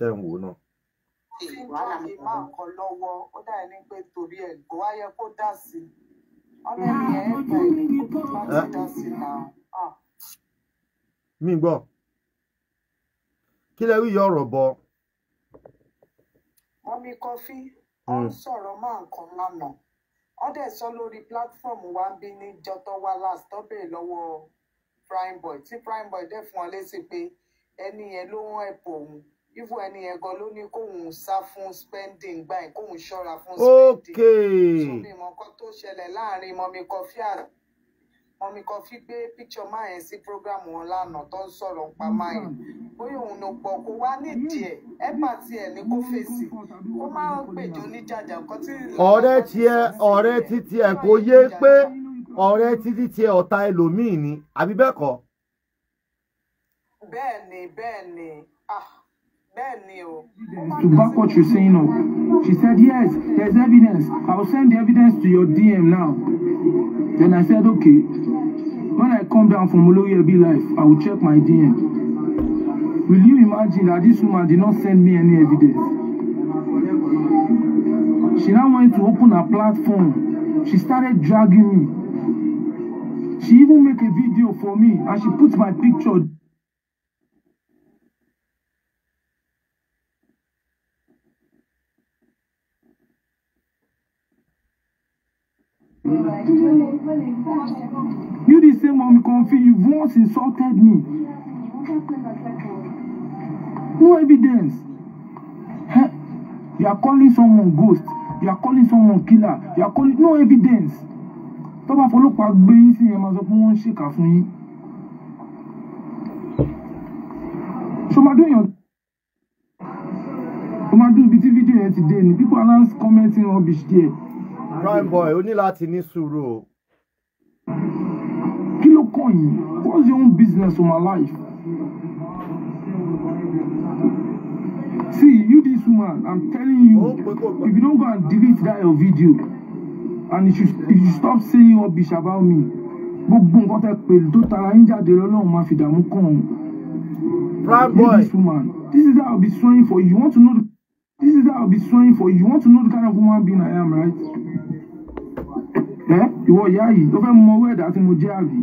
tẹ́ ń wò náà. ìgbà yìí máa kọ lọ́wọ́ ó dà ní pé torí ẹ̀ kó wá yẹ kó dà sí i ọmọ ẹ̀yẹ ẹ̀ gbà yìí kó láti dà sí i náà. mi gbọ́ kí lẹ rí yọ ọ̀rọ̀ bọ. mọ́mí kọfí ó ń hmm. sọ̀rọ̀ máa ń kan lánàá wọ́n sọ lórí platform wa ń bí ní jọ́tọ̀ wa last tó lọ́wọ́ prime boy tí prime boy dẹ̀ fún ọ lésì pé ẹni yẹn ló ń ẹ̀pọ̀ òun ifu ẹni yẹn gan ló ní kóun sá fún spending gbà yín kóun ṣọ́ra fún spending so mi mọ tó ṣẹlẹ̀ láàrin mọmi kọfí àná mọmi kọfí gbé píkṣọ máa yẹn sí program wọn lánàá tó ń sọ̀rọ̀ ń pa hmm. máa yẹn bóyá òun ló pọ̀ kó wá nídìí ẹ̀ ẹ̀ bá tiẹ̀ ní kó fèsì kó má gbèjọ oníjàjà nǹkan tí. ọ̀rẹ́ tiẹ̀ ọ̀rẹ́ títí ẹ̀ kò yé pé ọ̀rẹ́ títí tiẹ̀ ọ̀tá ẹlòmíì ni àbí bẹ́ẹ̀ kọ́. bẹ́ẹ̀ ni ah To back what you're saying up. She said, Yes, there's evidence. I'll send the evidence to your DM now. Then I said, Okay. When I come down from Oloyebi Life, I will check my DM. Will you imagine that this woman did not send me any evidence? She now went to open her platform. She started dragging me. She even made a video for me and she put my picture. You the same one confuse you once insulted me. No evidence. Huh? You are calling someone ghost. You are calling someone killer. You are calling no evidence. Tó bá fọlọ́pàá gbé yín sí yẹn máa sọ pé wọ́n ń ṣèkà fún yín. Ṣọmadé èèyàn Ṣọmadé ibi tí fídíò yẹn ti dé ni people are now commenting rubbish there prime boy o ní láti ní sùúrù o. kí ló kàn what's your own business of my life. see you this woman i'm telling you oh, if you don't go and delete that your video and if you, if you stop saying rubbish about me gbogbo nǹkan tẹ pèlú tó tara yín jáde lọ́lọ́run máa fi dààmú kàn ọ́n. Prime boy this woman this is how i be swearing for you you want to know the this is how i be swearing for you you want to know the kind of woman being i am right ẹ eh? ìwọ ìyá yìí o fẹ́ mọ owó ẹ̀dá tí mo jẹ́ àbí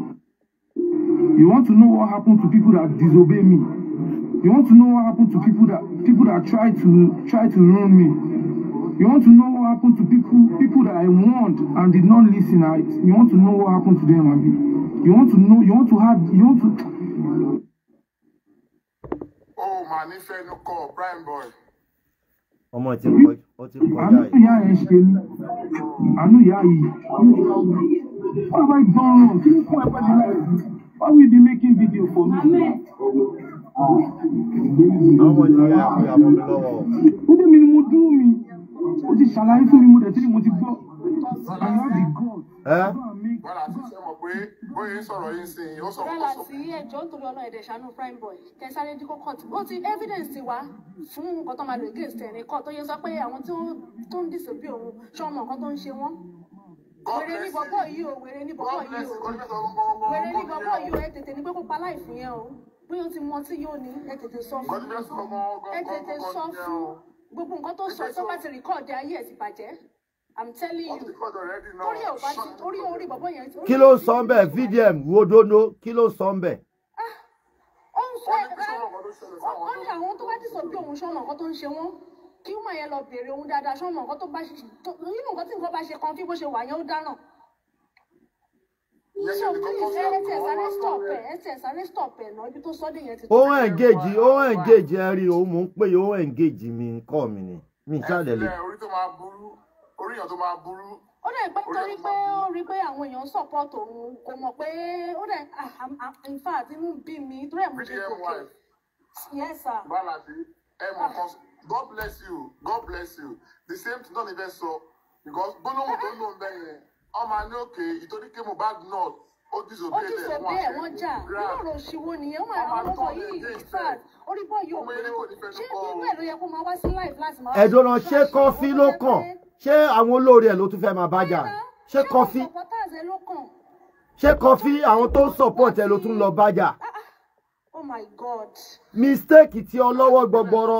you want to know what happened to people that disobey me you want to know what happened to people that people that try to try to ruin me you want to know what happened to people people that I warned and did not listen I you want to know what happened to them abi you want to know you want to have you want to. ó mà ní fẹnu kọ prime boy ọmọ ti kọjá yìí. àánú ìyá ẹ̀ ṣe àánú ìyá yìí wọ́n bá gbọ́n kí ló kún ẹgbẹ́ nílẹ̀ why we be making video for me. ọmọ ti yá àkúyà mọ́ mi lọ́wọ́. ó dé mi ni mo dúró mi ó ti ṣàlàyé fún mi mo dẹ̀ tí mo ti gbọ́. I love the God bóyá sọ̀rọ̀ yìí sí i ó sọ fún ọsọ. sí ẹjọ́ nítorí ọlọ́run ẹ̀dẹ̀ ṣàánú prime boy kẹsàrẹ́ dínkù court ó ti evidence ti wá fún nǹkan tó máa lò against ẹ̀ ní court tó yẹ sọ pé àwọn tó ń disobey òun ṣé ọmọ nǹkan tó ń ṣe wọ́n. wèrè ní bọ̀bọ̀ yìí o wèrè ní bọ̀bọ̀ yìí o wèrè ní bọ̀bọ̀ yìí o ẹ tètè ní pé kó pa láìfù yẹn o bóyá o ti mọ tí yóò ní ẹ tètè sọ fún ẹ tètè sọ fún gbogbo nǹkan tó sọ tó bá ti rìkọ́ọ̀dì ayé ẹ̀ ti bàjẹ́. I'm telling you. Torí ẹ̀ ò yẹn. Kí ló ń sọ ń VDM wo dóná kí ló ń sọ ń ah, Ó ń sọ ẹ̀ka ó ní àwọn tó bá ti sọ bí òun ṣọ́nà ọ̀kan tó ń ṣe wọ́n kí ó máa yẹn lọ bèèrè ohun dáadáa ṣọ́nà ọ̀kan tó bá ṣe nínú nǹkan tí nǹkan bá ṣe kan kí bó ṣe wà yẹn ó dáràn. Ó ń engage ó ń òun mò ń pè ó ń mi kọ́ mi ni mi ṣáà lè orí tó máa burú. ó dẹ̀ pé torí pé ó rí pé àwọn èèyàn support òun kò mọ̀ pé ó dẹ̀ in fact inú bí mi torí ẹ̀ mú ṣe kókè. yes sir. ẹ mọ ah. kan god bless you god bless you the same thing don even so. because gbólóhùn tó lóun bẹ́ẹ̀ yẹn ọmọ ní òkè ìtorí pé Mohbad náà ó disobey ẹ̀ wọ́n ṣe wọ́n jà nínú ọ̀rọ̀ òṣìwò nìyẹn wọ́n àwọn ọmọ yìí ìfàd orí bọ́ yóò pé ṣé bí bẹ́ẹ̀ ló yẹ kó máa wá sí láìpẹ́ láti máa. ẹ̀dùn ọ̀nà ṣé kọfí ló kàn ṣé àwọn olóore ẹ̀ ló tún fẹ́ máa bájà ṣé kọfí ṣé kọfí àwọn tó ń support ló tún lọ bájà. Oh mistake ti ọlọ́wọ́ gbọgbọrọ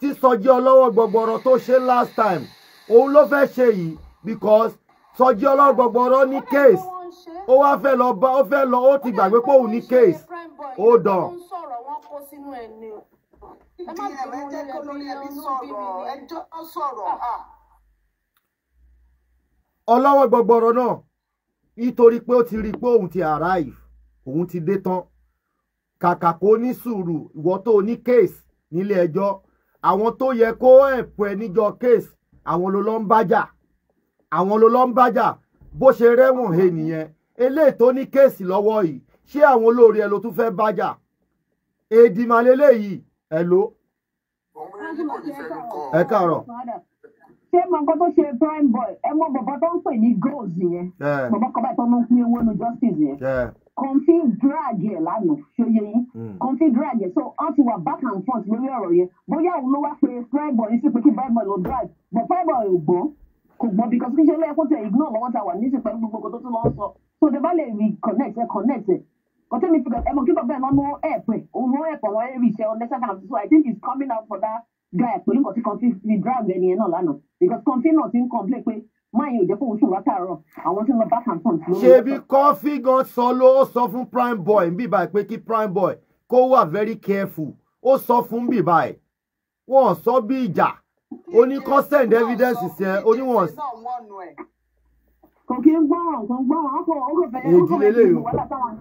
tí sọjí ọlọ́wọ́ gbọgbọrọ tó ṣe last time òun ló fẹ́ ṣe yìí because sọjí ọlọ́wọ́ gbọgbọrọ ní case ó wá fẹ́ lọ bá ó fẹ́ lọ ó ti gbàgbé pé òun ní case ó dàn. ẹ má bínú lẹ́lẹ́ bí sọ̀rọ̀ ẹjọ́ sọ̀rọ̀ ah ọlọ́wọ́ gbọgbọrọ náà nítorí pé ó ti rí i pé òun ti arrive òun ti dé tán kàkà kó ní sùúrù ìwọ tó ní case nílé ẹjọ́ àwọn tó yẹ kó ẹ̀pọ̀ ẹ níjọ case àwọn ló lọ ń bájà àwọn ló lọ ń bájà bó ṣe rẹ́wọ̀n he nìyẹn eléyìí tó ní case lọ́wọ́ yìí ṣé àwọn olóore ẹ ló tún fẹ́ bájà èdìmọ̀ lélẹ́yìí ẹ ló. ẹ káàárọ̀ ṣé mọ nǹkan tó ṣe prime boy ẹ mọ bàbá tó ń pè ní goals yẹn bàbá kan báyìí tó ń pín owó nu justice yẹn kọ́ńfì drag ẹ̀ lánàá ṣòye yín kọ́ńfì hmm. drag ẹ̀ so wọ́n ti wà back and front, lórí ọ̀rọ̀ yẹn bóyá òun ló wá pé prime boy sí pé kí prime boy lọ drag but prime boy ò gbọ́n kò gbọ́n because kí ṣe lẹ́yìn kó ignore lọ́wọ́ ta wà ní ìsìn pẹ̀lú gbogbo tó tún lọ́ sọ so tẹ bá lè rí connect ẹ connect ẹ kọ́tẹ́mi fìgbà ẹ mọ̀ kí bàbá ẹ̀ lọ́nà ẹ̀pẹ̀ òun ló ẹ̀pọ̀ wọn ẹ̀ rí iṣẹ́ ọ̀nẹ́sàkànà so I think he's coming out for that dry pẹ̀lú nǹkan tí kan fi fi drag ẹni yẹn náà lánàá because kọ́ńtì náà ti ń complain pé máa yẹn ò jẹ́ kó o sùn látàárọ̀ àwọn tí ń lọ back and front lórí. ṣebí kọfí gan sọ ló sọ fún prime boy ń bíbá pé kí prime boy kó wà very careful ó sọ fún bíbá ẹ wọn sọ bí ìjà ó ní kó send evidence yẹn ó ní wọn. kò kí ń gbọ́ràn kò ń gbọ́ràn ọkọ̀ ọkọ̀ bẹ̀rẹ̀ ọkọ̀ bẹ̀rẹ̀ ìwọ̀n wàhálà táwọn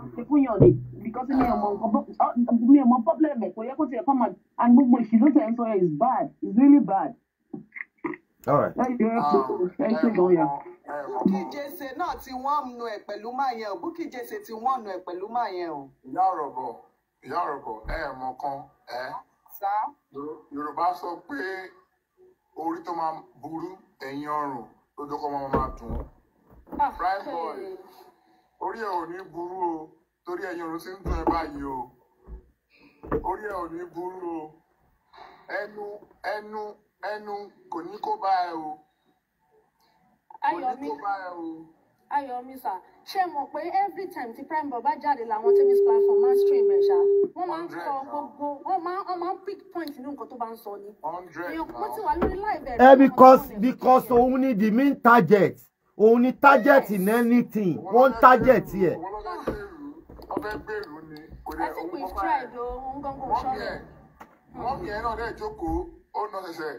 because mi ò nǹkan ah, mi ò problem ẹ̀ kò yẹ kó tiẹ̀ kọ́ máa and gbogbo ìṣìlú tẹ̀ ń sọ is bad is really bad. Ah, Bukky Jesse náà ti wọ́n nu ẹ̀ pẹ̀lú máa yẹn o Bukky Jesse ti wọ́n nu ẹ̀ pẹ̀lú máa yẹn o. ìyá ọ̀rọ̀bọ̀ ìyá ọ̀rọ̀bọ̀ ẹ̀ mọ kan ẹ. Yorùbá sọ pé orí tó máa burú ẹ̀yìn ọrùn lójókòó máa máa dùn. Ah, prime boy orí ẹ̀ ò ní burú o torí ẹ̀yin ọ̀run ti ń gbọ́ ẹ báyìí o orí ẹ ò ní burú o ẹnu ẹnu ẹnu kò ní kó bá ẹ o kò ní kó bá ẹ o. Ayọ̀mí sà ṣé mọ̀ pé every time tí prime baba jáde làwọn tennis platform máa ń stream ẹ̀ ṣá wọ́n máa ń sọ gbogbo wọ́n máa wọ́n máa ń pick point nínú nǹkan tó bá ń sọ ni. èèyàn kò wà lórí live ẹ eh, because because òun ni the main target òun ni target in anything One target yẹ. Yeah fẹ́ gbèrú ni kò dẹ̀ owó kọ́kọ́ rẹ̀ mọ́mí ẹ̀ mọ́mí ẹ̀ náà dẹ̀ jókòó ó nà ṣẹ̀ṣẹ̀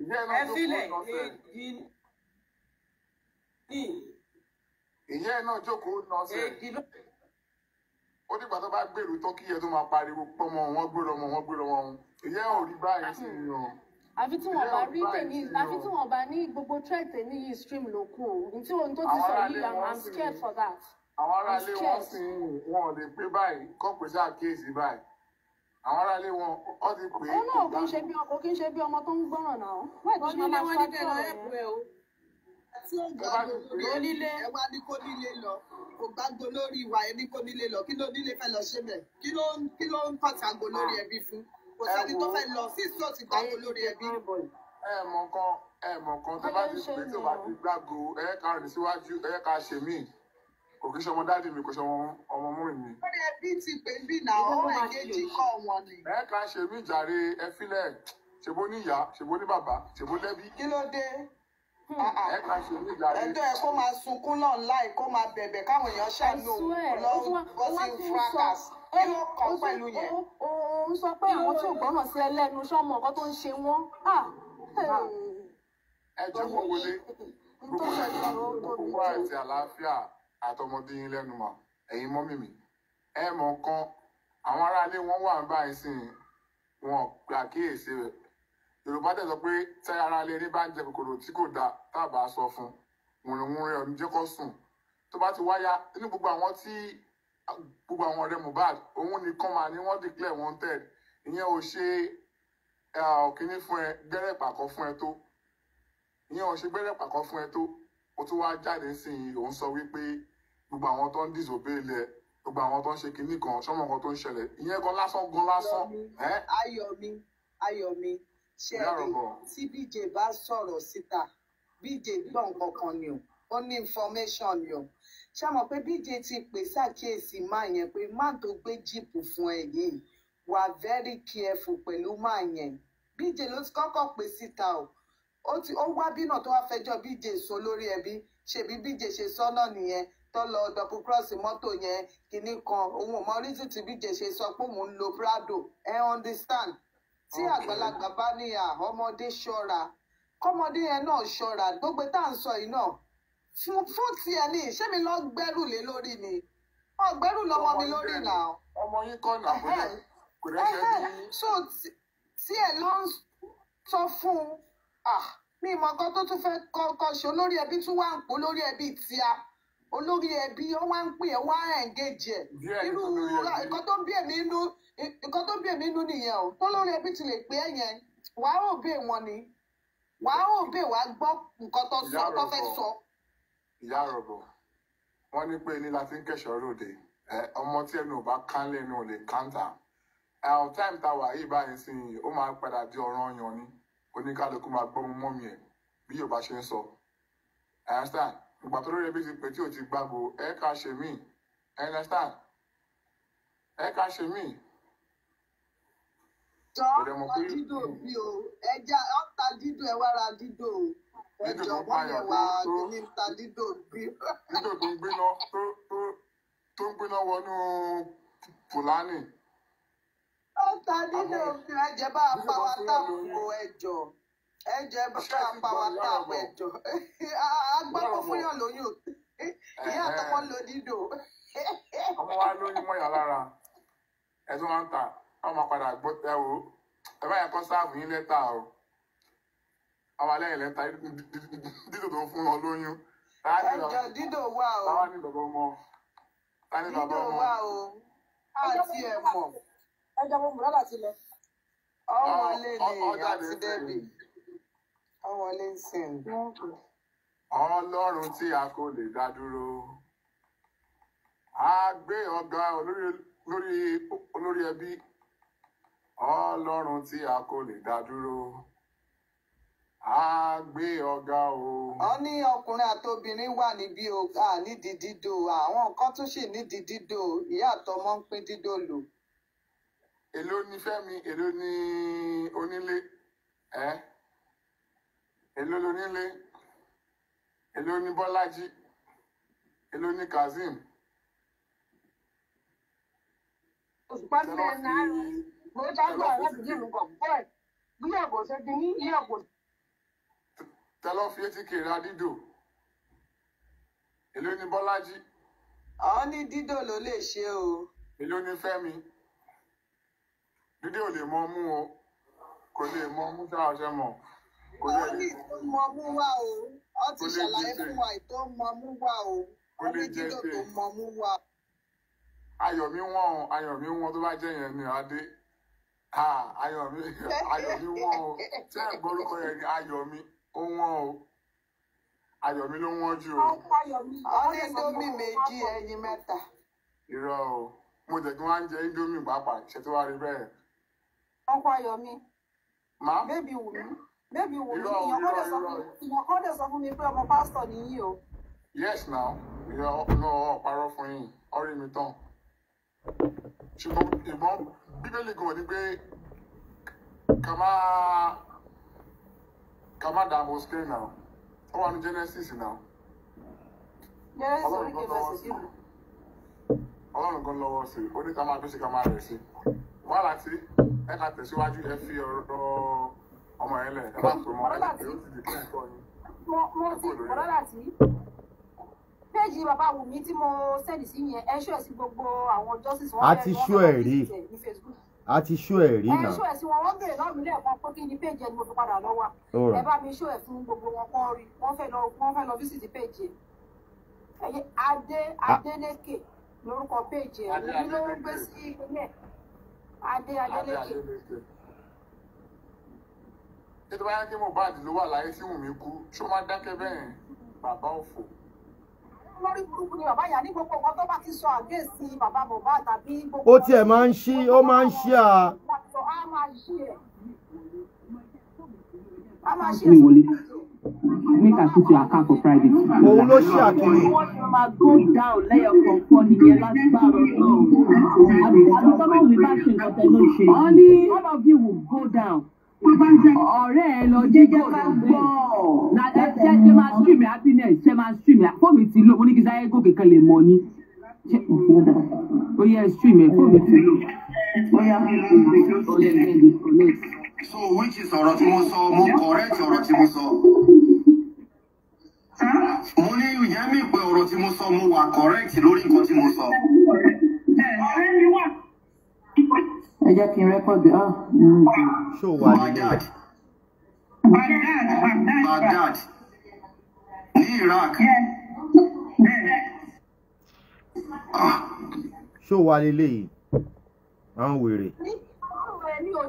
ìdí ẹ̀ náà jókòó ó nà ṣẹ̀. ìyá ẹ̀ náà jókòó ó nà ṣẹ̀ eh, ó dìgbà tó bá gbèrú tó kí ẹ tó máa pariwo pọmọ wọn gbèrò ọmọ wọn gbèrò ọmọ wọn ìyá ò rí báyìí ah, sí ni o àfi tí wọn bá rí tèmi àfi tí wọn bá ní gbogbo threat tèmi yìí stream ló kù tí ohun tó ti sọ yìí i'm scared for that àwọn aráalé wọn sì wọn ò lè pé báyìí kọ́ pé sáà kéèsì báyìí àwọn aráalé wọn ọ ti pè é. ó náà kò ṣe bí ọkọ kì í ṣe bí ọmọ tó ń gbọ́ràn náà. wọ́n ní ilé wọn ní kẹ́ ẹ̀pù ẹ̀ o. àti ọjọ́ onílé ẹ wá ní kó nílé lọ kò gbàgbọ́ lórí ìwà ẹni kó nílé lọ kí ló nílé fẹ́ lọ ṣe mẹ́ kí ló ń pàtàgò lórí ah. ẹbí fún kò sẹ́ni tó fẹ́ lọ sí ìṣó ti gbàgbó lórí ẹbí. ẹ mọ̀ kan ẹ mọ̀ kan tó bá ti gbàgbó ẹ ká rìn síwájú ẹ ká ṣe òkè ṣọmọ dáàdì mi kò ṣọmọ ọmọ mú mi. ó lè bí ti pè bí nà ọmọ èkejì kọ wọn ni. ẹ kàn ṣe mí jàre ẹ filẹ ṣèbó ní ìyá ṣèbó ní bàbá ṣèbó lẹbi. kí ló dé hmm. ah, ah. ẹ kàn ṣe mí jàre. ẹjọ́ ẹ kó máa sunkún náà láì kó máa bẹ̀bẹ̀ káwọn èèyàn ṣàánú ọlọ́run gọ́sìn fracas kí ló kàn pẹ̀lú yẹn. ó sọ pé àwọn tí ò gbọ́ràn sí ẹlẹ́nu sọ́mọ ọ̀kan tó ń ṣe wọ́n. Ah, ẹ jẹ́ wọ́n wọlé gbogbo ẹ̀ gbogbo àti àlàáfíà àtọmọdé yín lẹ́nu mọ̀ ẹ̀yin mọ́ mímì ẹ mọ̀ kan àwọn aráalé wọn wà báyìí sí wọn àkíyèsí rẹ̀ yorùbá tẹ̀ sọ pé tí aráalé ní bá ń jẹ kòkòrò tí kò dáa tábà sọ fún wùrìnwùrìn ọ̀nì jẹ́ kó sùn tó bá ti wáyá nínú gbogbo àwọn tí gbogbo àwọn ọ̀rẹ́ Mohbad òun nìkan mà ní wọ́n declare wanted ìyẹn ò ṣe ọ̀kíní fún ẹ gbẹ́rẹ́ pàkọ́ fún ẹ tó ìyẹn ò ṣe gbẹ́rẹ́ pàkọ́ fún ẹ tó ó tún wá jáde nísìnyí òun sọ wípé gbogbo àwọn tó ń disobey lẹ gbogbo àwọn tó ń ṣe kinní kan sọmọ nǹkan tó ń ṣẹlẹ̀ ìyẹn gan lásán gan lásán. ayọ̀mí ayọ̀mí ṣe é tí bj bá sọ̀rọ̀ síta bj gbọ́ nǹkan kan ni o ó ní information ni o ṣé mọ̀ pé bj ti pè ṣàkíyèsí máa yẹn pé má tó gbé jíìpù fún ẹ yìí wà very careful pẹ̀lú máa yẹn bj ló ti kọ́kọ́ pè síta o ó ti ó wá bí náà tó wá fẹjọ́ BJ sọ lórí ẹbí ṣèbí BJ ṣe sọ náà nìyẹn tó lọ double cross mọ́tò yẹn kìíní kan òun ò mọ reason tí BJ ṣe sọ pé òun ń lo Prado ẹ understand tí àgbàlagbà bá ní ọmọdé ṣọ́ra kọ́mọdé yẹn náà ṣọ́ra gbogbo tá à ń sọ yìí náà fún fún tiẹ̀ ní ìṣẹ́mi lọ gbẹ́rù lé lórí ni ọgbẹ́rù lọmọ mi lórí nà. ọmọ yín kọ́ nà kò kò dẹ́ ṣe é. so tí ẹ lọ sọ fún un Ah, mi ìmọ̀ kan tó tún fẹ́ kọ́kọ́ ṣe olórí ẹbí tún wá ń pò olórí ẹbí tíá olórí ẹbí ó wá ń pè é wá ẹ̀ǹgéjì ẹ̀ irú nǹkan tó ń bí èmi inú nǹkan tó ń bí èmi inú nìyẹn o tó lórí ẹbí ti lè pè é yẹn wà á òbí wọn ni wà á òbí wà á gbọ́ nǹkan tó sọ tó fẹ́ sọ. ìyá àròbọ̀ wọ́n ní pé ní láti ń kẹ̀ṣọ́ ròde ọmọ tí ẹnu ò bá kán lẹ́nu ò lè kántà time táwa yìí báyìí sí i ó máa padà di ọ̀ràn ọyàn ni oníkálukú máa gbọ́ mọ́ mi ẹ̀ bí yorùbá ṣe ń sọ understand ìgbà tó lórí ẹbí ti pè tí ò ti gbàgbó ẹ ká ṣe mí understand ẹ ṣe mí. jọ ọta dídò bí o ẹja ọta dídò ẹ wá ra dídò o ẹjọ wọn wá ní ta dídò bí. dídò tó ń gbiná tó ń gbiná wọnú fúlàní. ta nínú bá a táàpù ẹjọ ẹ̀jẹ̀ bá a táàpù ẹ̀jọ̀ agbọ́dọ̀ fún yàn lóyún ìyá àtọkọ ló dídò. ọmọ wa lóyún mọ́yà lára wọn ta ọmọ padà o ẹ bá yẹ yín o ọmọ alẹ́yìn dídò tó fún wọn lóyún. dídò wà ẹjọ́ mo múra láti lọ. ọmọ lè ní ìyá ti débi ọmọ lè ń sìn. ọlọ́run tí a kò lè dá dúró a gbé ọ̀gá olórí olórí ẹbí ọlọ́run tí a kò lè dá dúró a gbé ọ̀gá o. ó ní ọkùnrin àtobìnrin wà níbí o nídìí dídò àwọn kan tún sì nídìí dídò ìyá àtọmọ ń pín dídò lò èló ni Fẹ́mi èló ni onílé ẹ èló lonílé èló ni Bọ́lájí èló ni Kazeem. òṣùpá ti lè náà rí mo dágbà láti dì mí kàn bẹ́ẹ̀ bí ọ̀gọ̀ ṣe ti ní iye ọ̀gọ̀. tẹlọ fi etí kèrè adídò èló ni Bọ́lájí. àwọn ní dídò ló lè ṣe o. èló ni Fẹ́mi dídé ò lè mọ mú o kò lè mọ mú sáà mọ. kò ní ìtò mọ mú wá o ọ ti ṣàlàyé fún wa ìtò mọ mú wá o ó ní dídò tó mọ mú wá. ayọ̀ mi wọ́n o ayọ̀ mi wọ́n tó bá jẹ́ yẹn ni adé ayọ̀ mi ayọ̀ mi wọ́n o tí ẹ̀ gbọ́rúkọ yẹn ni ayọ̀ mi ó wọ́n o ayọ̀ mi ló wọ́n jù o. àwọn indomie méjì ẹyin mẹ́ta. irọ́ o mo jẹ̀ kí wọ́n á jẹ indomie pàápàá ṣètò wa rí bẹ́ẹ̀. ọkwa yomi bébì wùmí bébì wùmí ìyàn kan dẹ̀ sọ fún mi pé ọmọ pásítọ̀ nìyí o. yes now you know ọ̀parọ̀ fun yin, ọ̀rí mi tan." ṣùgbọ́n ìbọn bíbélì gan ni pé ká má ká má dààmú screen náà ó wà ní genesis náà. genesis orí kẹfẹ sí kí. ọlọ́run kan lọ́wọ́ sí i ó ní ká bí sí ká rẹ̀ sí i. wọ́n láti ẹ ká tẹ̀síwájú ẹ fi ọ̀rọ̀ ọmọ yẹn lẹ̀ ẹ má pè mọ́ ẹ lè ó ti di kí n mo mo ti ọ̀rọ̀ láti péjì bàbá Wùmí tí mo sẹ́ndì sí yẹn ẹ ṣó ẹ̀ sí gbogbo àwọn justice wọn. a ti ṣó ẹ̀ rí a ti ṣó ẹ̀ rí náà. ẹ ṣó ẹ̀ sí wọn wọ́n bèrè lọ́ọ̀mí lẹ́ẹ̀kan pé kí ni péjì ẹni mo fi padà lọ wà. ẹ bá mi ṣó ẹ̀ fún gbogbo wọn kọ́ rí wọ́n fẹ́ lọ wọ́n fẹ́ lọ fíṣítì péjì ẹ̀. Adé Adélékè lórúkọ péjì ẹ̀ ló ń gbé sí ìpínlẹ̀ adé adélékè. ṣé tó bá yá kí Mohbad ló wà láyé sí wùmí kú ṣó máa dákẹ́ bẹ́ẹ̀ bàbá òfò. lórí burúkú ni bàbá yà ní gbogbo nǹkan tó bá ti sọ àgéèsí bàbá Mohbad tàbí gbogbo. ó tiẹ̀ máa ń ṣí ó máa ń ṣí à. a máa ṣí ẹ̀. a máa ṣí ẹ̀ make I put your account for private. Òun ló ṣe àkèrè. Wọ́n máa go down lẹ́yọ̀kọ̀ọ̀kan nìyẹn láti bá ọ̀rọ̀ náà. Àbí tọ́lá mi bá ṣe nǹkan tẹ́lẹ̀ ṣe. Wọ́n ní all of you will go down. Ọ̀rẹ́ ẹ lọ jẹ́jẹ́ ká gbọ́. Ṣé ṣe máa stream happiness? Ṣé máa stream? Fóònù ti lò, mo ní kí Sáyé gòkè kan lè mọ ni. Ó yẹ stream ẹ̀ fóònù ti lò. Ó yẹ kí n lè connect. So which is ọ̀rọ̀ tí mo sọ, mo correct ọ̀rọ̀ tí mo sọ. ìyẹn mi pé ọ̀rọ̀ tí mo sọ mo wà correct lórí nǹkan tí mo sọ. ẹ jẹ́ kí n rẹ́kọ̀dì á. Ah, mm. ṣó wà ní Iraq. Ah. ṣó wà nílẹ̀ yìí àwọn wèrè.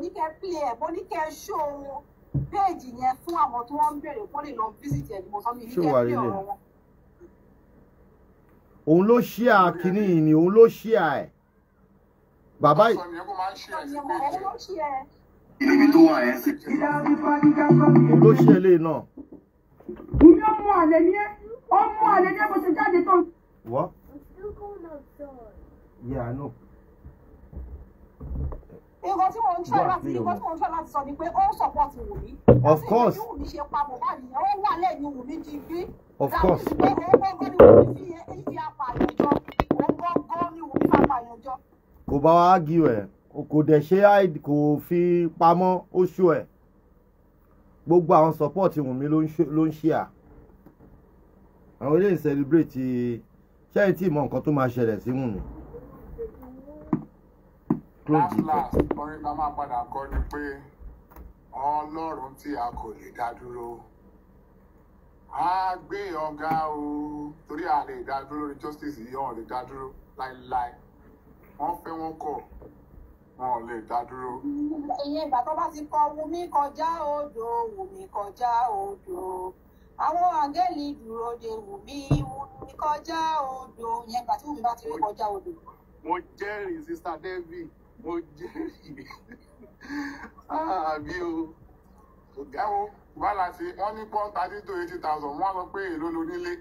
ní kẹ́ pílẹ̀ ẹ̀ mo ní kẹ́ ṣó wọn péèjì yẹn fún àwọn tó wọ́n ń béèrè kó lè lọ fíṣítì ẹ̀ ni mo sọ mi ní kẹ́ pílẹ̀ ọ̀rọ̀ wọn òun ló ṣíà kínní yìí ni òun ló ṣíà ẹ̀ bàbá yìí. ibi tó wà ẹ. òun ló ṣíà eléyìí náà. ìní ọmọ àlè ni ẹ ọmọ àlè ni ẹ kò ṣe jáde tán. wọ́n. Yeah, I of course. of course. dàbí pé owó gbọ́dọ̀ ni Wùmí fi èyí fi apààyàn jọ òun gbọ́ngàn ni Wùmí fi apààyàn jọ. kò bá wa gí ẹ kò dẹ̀ ṣe kò fi pamọ́ ó ṣú ẹ̀ gbogbo àwọn support Wùmí ló ń ṣe à àwọn eléyìí celebrate ṣẹ́yìn tí ìmọ̀ nǹkan tó máa ṣẹlẹ̀ sí Wùmí last last orin tá a máa padà kọ ni pé ọlọ́run tí a kò lè dá dúró á gbé ọ̀gá o torí a lè dá dúró lórí justice yìí wọn ò lè dá dúró láéláé wọ́n fẹ́ wọ́n kọ̀ wọn ò lè dá dúró. ìyẹn ìgbà tó bá ti kọ Wùmí kọjá odò Wùmí kọjá odò àwọn àgẹ́lì dúró de Wùmí Wùmí kọjá odò yẹn ìgbà tí Wùmí bá ti rí kọjá odò. mo jẹ́rìí sista Devi mo jẹ́rìí ah, àbí o ọ̀gá wo balance wọ́n ní pọ́n thirty eighty thousand wọ́n sọ pé èló lónílé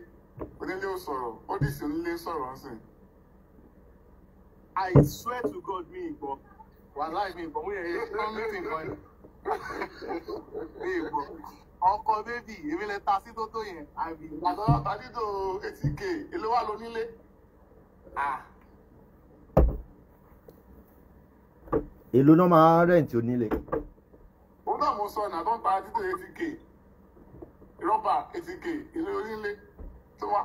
onílé ò sọ̀rọ̀ ó onílé sọ̀rọ̀ ọ̀sìn. I swear to God mi ìgbọ́ wàhálà mi ìgbọ́ mo yẹ ẹ kọ́mítì kan ni mi ìgbọ́ ọkọ bébì èmi lè ta sí tó tó yẹn àbí. àtọ́wọ́ thirty to eighty k èló wà lónílé. ah èló náà máa rẹ́ǹtì onílé. òun náà mo sọ ọ̀nà tó ń pa títí eighty k rọ́bà eighty k ilé onílé tó wà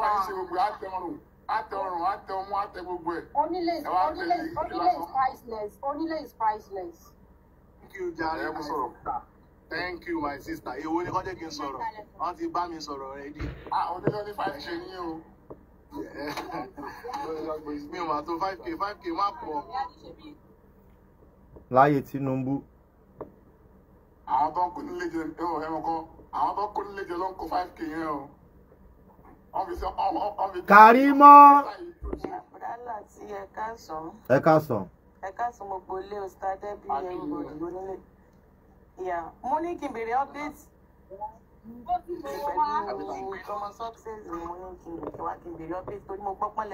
wọ́n á ṣe gbogbo àtẹ ọrùn àtẹ ọrùn àtẹ ọmú àtẹ gbogbo ẹ̀. onílé onílé onílé is priceless onílé is priceless. thank you jare my sister thank you my sister èwo ni kọ́jẹ́ kí n sọ̀rọ̀ wọ́n ti bá mi sọ̀rọ̀ rẹ di. ah onílé ní five ṣe ní o mi ò máa tó five k five k má pọ̀ láyé Tinubu. àwọn tó ń kó nílé jẹ ẹwọn kan àwọn tó ń kó nílé jẹ ló ń kó five k yẹn o. Kàrímọ́. ẹ ká sọ. ẹ ká sọ gbogbo ilé ọ̀sán dẹ́bí ẹ̀rù òdìbò nílé. mo ní kí n béèrè update pẹ̀lú ọmọ mo ní kí n wá kí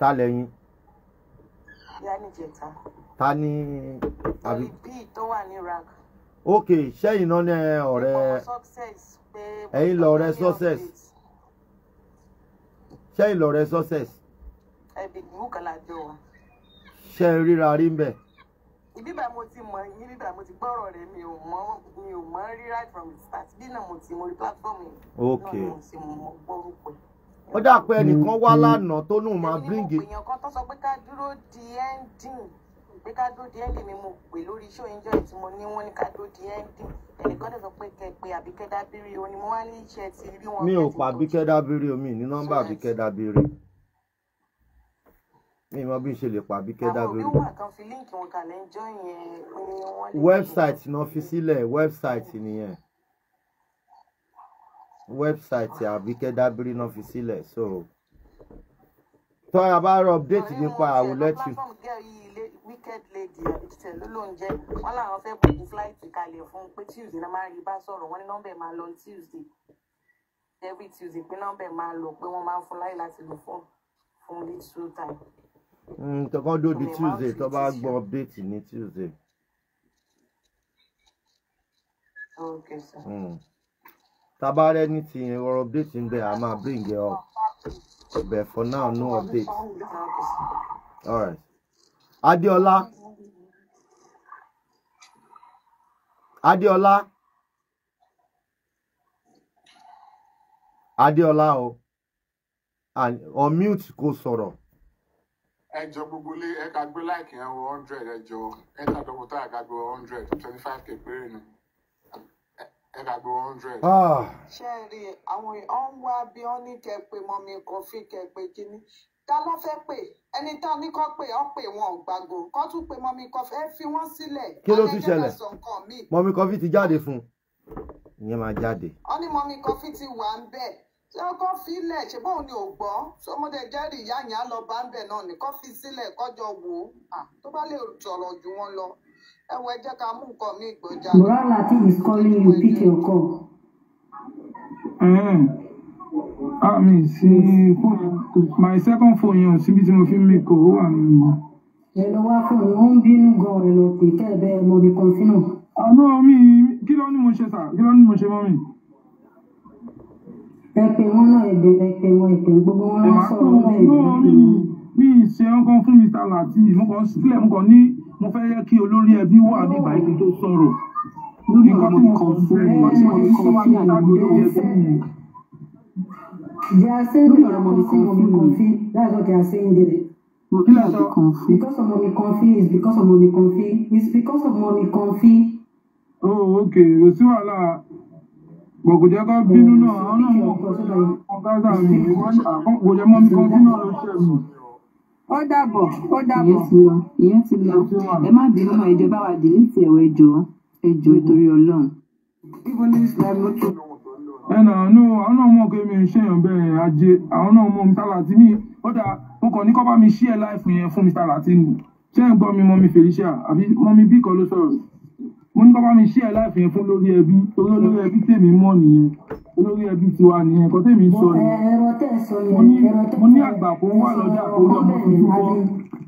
n lẹ́yìn bíá níjẹta. ta ni àbí. bí tó wà ní rank. ok sẹ́yìn eh, náà ní ọ̀rẹ́ ẹ̀yin lọ̀rẹ́ success sẹ́yìn lọ̀rẹ́ success. ẹ̀bì ìlú kan jọ wa. ṣe é ríra rí ń bẹ̀. ibi bá mo ti mọ yín bíbá mo ti gbọ́rọ̀ rẹ̀ mi ò mọ mi ò mọ rí right from the start bí náà mo ti mo rí platform yìí. náà mo ti mọ gbọ́rùpẹ̀ ó dàpọ̀ mm, ẹnìkan wá mm. lánàá tó nù máa bíríngì. èmi ni mo pèèyàn kan tó sọ pé ká dúró di ending pé ká dúró di ending ni mo pè lórí show enjoy tí mo ní wọ́n ní ká dúró di ending ẹnìkan dẹ̀ sọ pé kẹpẹ àbíkẹ́ o ni mo wá ní iṣẹ́ ti rí wọn. mi ò pa àbíkẹ́ o mi ní nọ́mbà àbíkẹ́ mi mọ bí n ṣe lè pa àbíkẹ́ àwọn òbí wà kan fi líǹkì wọn kalẹ̀ ń yẹn. wẹ́bsáìtì náà fi sílẹ̀ wẹ́bsáìtì nìyẹn wẹ́bsáìtì Àbíkẹ́ Dábírí náà fi sílẹ̀ so tọ́ a bá rọ update nípa àwùlẹ́tì. wicked lady abitẹ ló ló ń jẹ wọn làwọn fẹ́ bùkún fúláìtì kalẹ̀ fún un pé tuesday náà máa rí bá sọ̀rọ̀ wọn ní nọ́mbà ẹ máa lọ tuesday every tuesday pé nọ́mbà máa lọ pé wọn máa fún láì láti lò fún fún little time. tọkàn dó di tuesday tó bá gbọ́ update ní tuesday. okay sir. Mm tábà anything ní ti ọ̀rọ̀ update ń bẹ a máa bring it up but for now no update alright Adéọlá Adiola. Adéọlá o on mute kò sọ̀rọ̀. ẹ jọ gbogbo ilé ẹ ká gbé láìkì ẹ wọ hundred ẹ jọ ẹ ká gbé hundred twenty k péré ni ẹ dàgbé one hundred. Ah. ṣe rí àwọn ọ̀hún wá bí wọ́n ní kẹ́ pé mọ́mí kọfí kẹ́ pé kínní ta ló fẹ́ pè ẹni tán ní kọ́ pé ọ́ pè wọn ò kọ́ tún pé mọ́mí kọfí ẹ fi wọ́n sílẹ̀. kí ló tún ṣẹlẹ̀ mọ́mí kọfí ti jáde fún un ìyẹn máa jáde. wọ́n ní mọ́mí kọfí ti wà ń bẹ̀ tí ó kọ́ fi ilẹ̀ ṣe bóun ni ò gbọ́ sọmọdé jẹ́rìí ìyá yẹn á lọ bá ń bẹ̀ náà ní kọ́ fi sílẹ̀ kọ́jọ wò ó tó bá lè sọ̀rọ̀ ju wọn lọ ẹwọ ẹ jẹ́ ká mú nǹkan mi ìgbọjà. Murat Lati is calling you pick your call. Hmm. Ah, àmì sí my second phone yẹn ò síbi tí mo fi ń mi kò I'm wà nínú. ẹ lọ wá fún mi ó ń bínú gan-an ẹ lọ pè kẹ́ ẹ bẹ́ẹ̀ mọ ibi kan sínú. àná ah, mi kí ló ní mo ṣe sà kí ló ní mo ṣe mọ́ mi ẹpẹ wọn náà ẹgbẹ ẹpẹ wọn ẹpẹ gbogbo wọn lọ sọ̀rọ̀ bẹ́ẹ̀. mi ì ṣe ọkàn fún Mr. Lati mo kàn sílẹ̀ mo kàn ní mo fẹ́ yẹ kí olórí ẹbí wà ní ìbàyẹ̀kí tó sọ̀rọ̀ lórí ìwà kan fún mi àti ìwà kan fún mi lórí ẹbí mi. They are lórí ọ̀rọ̀ kan fún mi. That's what they are saying there. Because of mọ̀mí kan fún is because of mọ̀mí kan is because of mọ̀mí kan Oh okay, ó dàbọ̀ ó dàbọ̀. ìyẹn ti lọ ìyẹn ti lọ ẹ má bínú mọ́ ìjọba wa dì ní tiẹ̀ ẹ jọ ẹ jọ nítorí Ọlọ́run. ẹnà àánú àwọn náà mọ̀ pé mi ò ṣèyàn bẹ́ẹ̀ ajé àwọn náà mọ̀ Mr. Latini ó dà mo kàn ní kọ́ bá mi share life yẹn fún Mr. Latini ṣé ẹ̀ ń gbọ́ mi mọ́ mi Felicia àbí mọ́ mi bí kan ló sọ̀rọ̀ mo ní bàbá mi ṣe ẹ láìfẹ fún lórí ẹbí olórí ẹbí tèmi mọ̀ nìyẹn olórí ẹbí tiwa nìyẹn kọ tèmi sọ nìyẹn mo ní àgbàpọ̀ wà lọ́jà àkórí ọmọ tuntun bọ́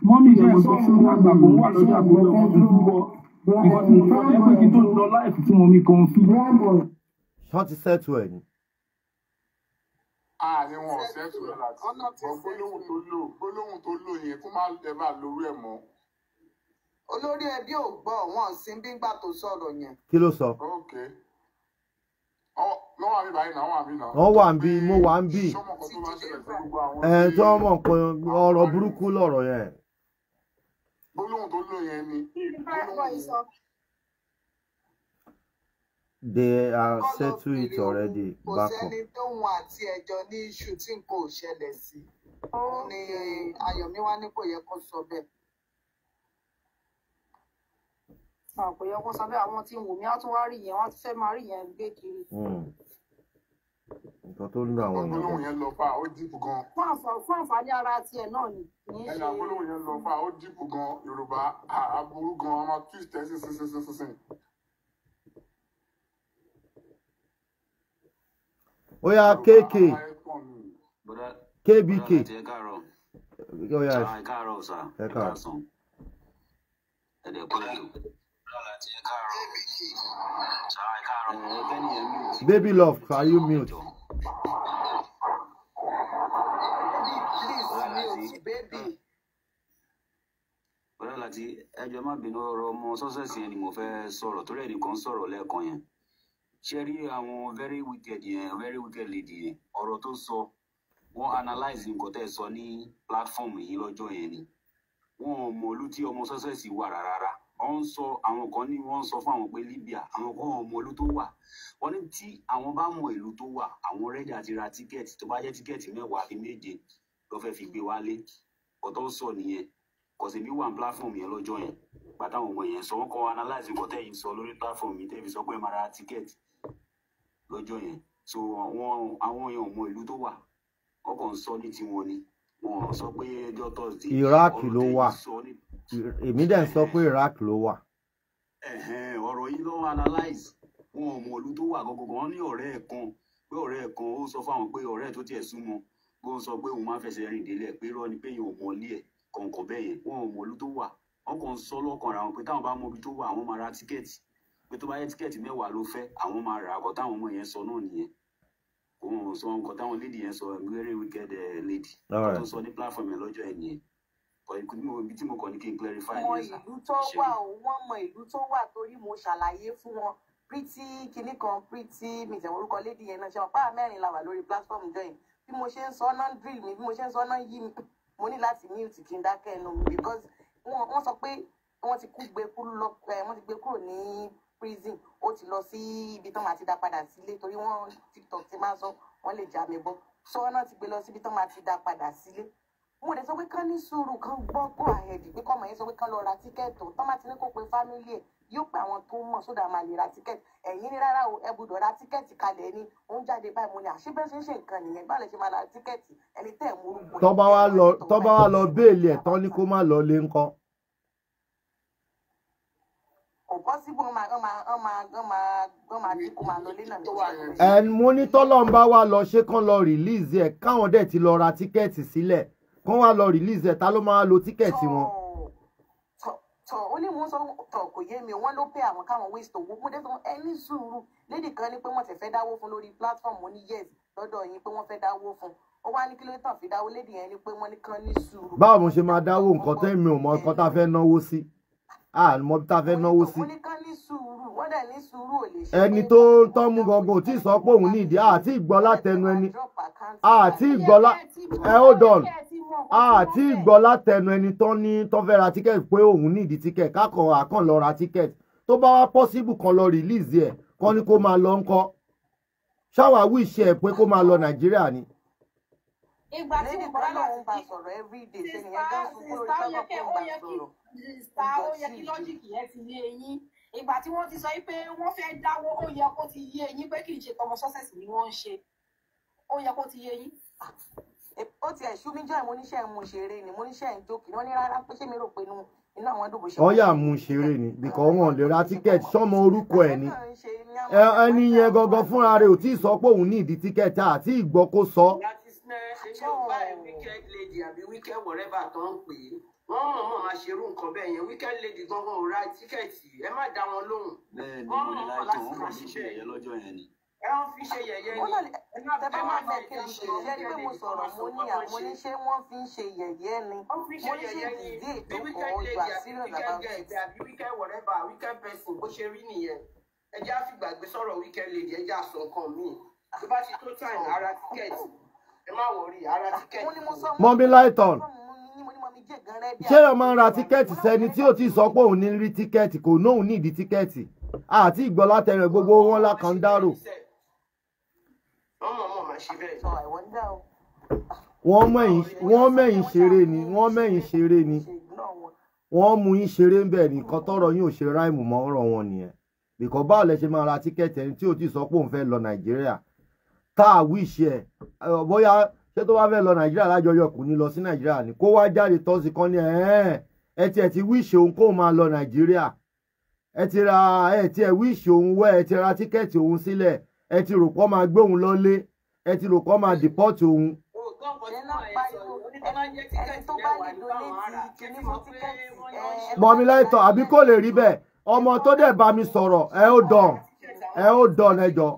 mọ́mí ìṣẹ́ sọ fún àgbàpọ̀ wà lọ́jà àkórí ọmọ tuntun bọ́ ìwọ tí mo sọ ní kí tó lọ láìfì tí mo mi kan fi. wọ́n ti sẹ́tù ẹ̀ ni. ààrẹ ah, wọn ò sẹ́tù ẹ̀ láti gbọ́ gbólóhùn tó lò gbólóhùn tó lò yẹn kó má ẹ bá lórí ẹ̀ mọ́ olórí ẹbí ò gbọ́ wọn sí bígbà tó sọ̀rọ̀ yẹn. kí ló sọ. okay lọ́wọ́ àmì báyìí náà wọ́n àmì náà. wọ́n wà ń bí mo wà ń bí. ẹ̀ tí wọ́n mọ̀ pé ọ̀rọ̀ burúkú lọ̀rọ̀ yẹn. gbólóhùn tó lò yẹn ni. They are settle it already back up. kò sẹ́ni tóun àti ẹ̀jọ́ ní iṣu tí nǹkan ò ṣẹlẹ̀ sí. òun ni Ayọ̀míwá ní kò yẹ kó sọ bẹ́ẹ̀. kò yẹ kó sọ bẹ́ẹ̀ àwọn tí ń wò mí á tún wá rí yẹn wọ́n ti fẹ́ máa rí yẹn gbé kiri. Hmm. nǹkan tó ń lo àwọn èèyàn. ẹgbẹ́ yẹn lọ fà ó dìbò gan. fún àǹfààní ara tiẹ̀ náà ni. ẹnì àgbọ̀lọ́wọ̀ yẹn lọ fà ó dìbò gan yorùbá aburú gan ọmọ twist ẹ̀ sísinsinsinsin. ó yá kk kbk ó yá ẹ káàárọ̀ ẹ káàárọ̀. Baby love, are you mute? bọ́lá láti ẹjọ́ má bínú ọ̀rọ̀ ọmọ sọ́sẹ̀sì yẹn ni mo fẹ́ sọ̀rọ̀ torí ẹnìkan sọ̀rọ̀ lẹ́ẹ̀kan yẹn ṣe rí àwọn very wicked yẹn very wicked lady yẹn ọ̀rọ̀ tó sọ wọ́n analyse nǹkan tẹ́ sọ ní platform yìí lọ́jọ́ yẹn ni wọ́n mọ̀ olú tí ọmọ sọ́sẹ̀sì wà rárá wọn ń sọ àwọn kan ní wọn ń sọ fún àwọn pé Libya àwọn kan ọmọ ìlú tó wà wọn ní tí àwọn bá mọ ìlú tó wà àwọn rẹ́dí àti ra tíkẹ́ẹ̀tì tó bá jẹ́ tíkẹ́ẹ̀tì mẹ́wàá àbí méje ló fẹ́ fi gbé wálé ọ̀tọ̀ sọ nìyẹn kọ̀sì wà ní platform yẹn lọ́jọ́ yẹn bàtà àwọn ọmọ yẹn sọ wọn kọ́ analyze nǹkan tẹ́yìn sọ lórí platform yìí tẹ́yìn sọ pé mara tíkẹ́ẹ̀tì lọ́jọ́ yẹn so àwọn àwọn èèyàn ọmọ ìlú tó wà ọkọ̀ ń sọ ní tiwọn ni wọn sọ pé ẹjọ́ tọ́sídẹ̀ẹ́ Iraq ló wà èmi dẹ̀ ń sọ pé Iraq ló wà. ọ̀rọ̀ yìí ló analyze wọn ò mọ olú tó wà gọ́gọ́gọ́ wọn ní ọ̀rẹ́ ẹ̀ kan pé ọ̀rẹ́ ẹ̀ kan ó sọ fáwọn pé ọ̀rẹ́ ẹ̀ tó tiẹ̀ súnmọ́ bó ń sọ pé òun máa fẹsẹ̀ rìn délé ẹ̀ pé irọ́ ni pé yẹn ò mọ ilé ẹ̀ kọ̀ọ̀kan bẹ́ẹ̀ yẹn wọn ò mọ olú tó wà wọn kàn ń sọ lọ́kàn ra wọn pé táwọn bá mọ ibi tó wà àwọn máa ra tíkẹ́ẹ̀tì pé tó bá yẹ tíkẹ́ẹ̀tì mẹ́wàá ló fẹ́ àwọn máa rà àkọ́ táwọn ọmọ yẹn sọ náà nìyẹn òun sọ nǹkan táwọn lady yẹn sọ very wicked eh, lady tó sọ ní platform yẹn lọ́jọ́ yẹn nìyẹn ibi tí mo kàn ní kí n clarify ní ẹ̀sà. ọmọ ìlú tó wà o wọ́n mọ ìlú tó wà torí mo ṣàlàyé fún wọn pretty kinní kan pretty mìtẹ̀ orúkọ lady yẹn náà ṣe ọ̀pá mẹ́rin la wà lórí platform join bí mo ṣe ń sọ ọ́nà drill mi bí mo ṣe ń sọ ọ́nà yí mi mo ní láti mute kí n dákẹ́ ẹnu mi because wọ́n sọ pé wọ́n ti kú gbé kúrò lọ wọ́n ti gbé kúrò ní prison ó ti lọ sí ibi tán máa ti dá padà sílé torí wọ́n tiktok ti máa sọ wọ́n lè jà mí bọ́ sọ ọ́nà ti gbé lọ síbi tán máa ti dá padà sílé mo dẹ̀ sọ pé kán ní sùúrù kán gbọ́ go ahead pé kọ́mọ yẹn sọ pé kán lọ ra tíkẹ́ẹ̀tì tán bá ti ní kó pe fámílì ẹ̀ yóò pé àwọn tó mọ̀ sódà máa lè ra tíkẹ́ẹ̀tì ẹ̀yin ní rárá o ẹ gbọ́dọ̀ ra tíkẹ́ẹ̀tì kalẹ̀ ni ó ń jáde báyìí mo ní àṣebẹ́ ṣe ń ṣe nǹkan nìyẹn báwo lè ṣe máa ra tíkẹ́ẹ̀tì ẹni tẹ́ ẹ̀ mú orúkọ. tó bá wá lọ tó bá wá lọ béèlì ẹ̀ tán ni kó má lọ lé ńkọ́. ẹ̀ mo ní tọ́lọ́ ń bá wa lọ ṣe kán lọ rìlíìsì ẹ̀ káwọn dẹ̀ ti lọ ra tíkẹ́ẹ̀tì sílẹ̀ kán wá lọ release ẹ̀ ta ló máa lo tíkẹ́ẹ̀tì wọn. tọ ó ní mo sọ tọ kò yé mi wọn ló pé àwọn káwọn waste owó mo dẹ́sán ẹni sùúrù lédì kan ní pé wọ́n ti fẹ́ dáwó fún lórí platform ó yes lọ́dọ̀ yín pé wọ́n fẹ́ dáwó fún ó wá ní kí ló tàn fi dáwó lédì yẹn ni pé wọ́n ní kán ní sùúrù. báwo mo ṣe máa dáwó nǹkan tẹ́ mi ò mọ nǹkan tá a fẹ́ náwó sí àmọ́ tá a fẹ́ náwó sí. ẹni tó ń tọ́mú gbogbo tí sọ pé òun nídìí àti ìgbọ́ látẹnu ẹni àti ìgbọ́ lá ẹ hold on. Ah, àti ìgbọ́ látẹnu ẹni tán ní tán fẹ́ ra tíkẹ́ẹ̀tì pé òun nídìí tíkẹ́ẹ̀tì kákan àkàn lọ ra tíkẹ́ẹ̀tì tó bá wá pọ́síbù kan lọ rìlíìsì ẹ̀ kan ní kó máa lọ ńkọ́ ṣáwáwí iṣẹ́ ẹ̀ pé kó máa lọ nàìjíríà ni. ìgbà tí mo bá lọ sí sísá sísá ó yẹ kí ó yẹ kí sísá ó yẹ kí lọ́jìkì yẹn ti lé yín ìgbà tí wọ́n ti sọ pé wọ́n fẹ́ dáwó ó yẹ kó ti yé yín pé kì í ṣe tọmọ sọ́sẹ̀sì ni wọ́n ń ṣe ó yẹ kó ti yé yín ó ti ẹ̀ṣú mi jẹ́ ìmọ̀ oníṣẹ́ ìmọ̀ òṣèré ni mo níṣẹ́ ìjókì wọ́n ní rárá pé ṣé mi rò pé inú inú àwọn dùbò ṣe. wọ́n yà mú ṣeré ni bìkọ́ wọn lè ra tíkẹ́ẹ̀tì sọ́mọ orúkọ ẹ̀ ni ẹni yẹn gangan fúnra rẹ̀ ò tí ì sọ pé òun ní ìdí tíkẹ́ẹ̀tì àti ìgbọ́ kó sọ. Oh. wọ́n mọ̀ mọ̀ máa ṣerú nǹkan bẹ́ẹ̀ yẹn weekend lady gangan ò ra tíkẹ́ẹ̀tì ẹ má dá wọn lóhùn wọ́n mọ̀ mọ̀ láti máa ṣiṣẹ́ yẹn lọ́jọ́ yẹn ni ẹran fi ṣe yẹ̀yẹ́ ni. tẹ bá máa fẹ́ kí n ṣe yẹ̀yẹ́ ni pé mo sọ̀rọ̀ mo ní àwọn oníṣẹ́ wọ́n fi ń ṣe yẹ̀yẹ́ ni mo ní ṣe ìdílé ètò ìgbà sílẹ̀ làbá ẹ jẹ́ àfìgbàgbé sọ̀rọ̀ weekend lady ẹ jẹ́ àsọ nǹkan míì tó bá ti tó time ara tíkẹ́ẹ̀tì ẹ má wọrí ara tíkẹ́ẹ̀tì. mọ́mí láìtọ̀n ṣé ọmọ ra tíkẹ́ẹ̀tì sẹ́ni tí ò ti sọ pé òun ní rí tíkẹ́ẹ̀tì kò náà òun ní ìdí tíkẹ́ẹ̀tì àti ìgbọ́látẹ̀rẹ̀ gbogbo wọn lákàndárò máa ṣe bẹ́ẹ̀. wọ́n mẹ́yìn wọ́n mẹ́yìn ṣeré ni wọ́n mẹ́yìn ṣeré ni wọ́n mú yín ṣeré ń bẹ̀ nìkan tọrọ yín ò ṣe ráìmù mọ́ ọ̀rọ̀ wọn nìyẹn bìkọ́ báwo lẹ ṣe máa ra tíkẹ́ẹ̀tì ẹni tí ò tí sọ pé òun fẹ́ lọ nàìjíríà tá a wíṣẹ́ ẹ̀ bóyá ṣé tó bá fẹ́ lọ nàìjíríà lájọyọ̀ kò ní lọ sí nàìjíríà ni kó wá jáde tọ́sí kan ní ẹ̀ẹ́n ẹ ti ẹ̀ ti òun kó máa lọ nàìjíríà ẹ ti ra ẹ ti ẹ̀ wíṣẹ́ òun wẹ́ ẹ ti ra tíkẹ́ẹ̀tì òun sílẹ̀ ẹ ti rò pọ́ máa gbé òun lọ́lé ẹ ti rò kọ́ máa dìpọ́tì òun. mọ̀míláìtọ̀ àbí kò lè rí bẹ́ẹ̀ ọmọ tó dẹ̀ bá mi sọ̀rọ̀ ẹ ó dàn ẹ ó dàn ẹjọ́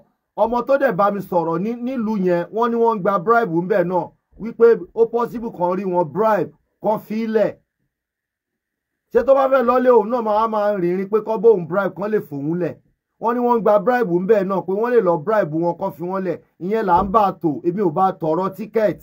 ọmọ tó dẹ̀ bá mi sọ̀rọ̀ nílùú yẹn wọ́n ní wọ́n ń gba bribe ńbẹ̀ náà wípé ó possible kan rí wọn bribe kan fi í lẹ̀ ṣé tó bá fẹ́ lọ́lé òun náà máa máa rìnrìn pé kọ́ bóun bribe kan lè fòun lẹ̀ wọ́n ní wọ́n ń gba bribe ń bẹ̀ náà pé wọ́n lè lọ bribe wọn kọ́ fi wọ́n lẹ̀ ìyẹn là ń bá tò èmi ò bá tọrọ ticket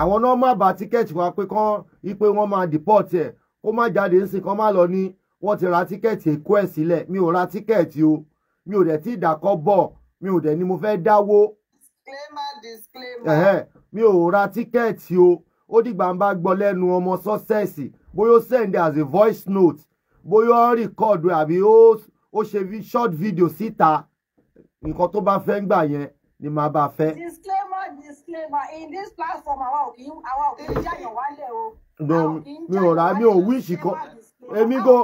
àwọn náà má bá ticket wa pé kán ipe wọ́n máa deport ẹ̀ kó má jáde ń sìn kán má lọ ní wọ́n ti ra ticket èkó ẹ̀ sílẹ̀ mi ò ra ticket o mi ò dẹ̀ tí ìdàkọ́ bọ̀ mi ò dẹ̀ ni mo fẹ́ dáwó disclaimer disclaimer mi ò ra ticket o ó dìgbà ń bá gbọ́ lẹ́nu ọmọ sọ́sẹ̀sì bóyá ó send as a voice note bóyá ó ń record àbí ó ó ṣe short video sita nǹkan tó ba fe ń gbà ni ma ba fe. disclaimer disclaimer in this platform àwa ò kì í àwa ò kì í jáyàn wálẹ̀ o. no mi ò rà mi ò wíṣì kan èmi go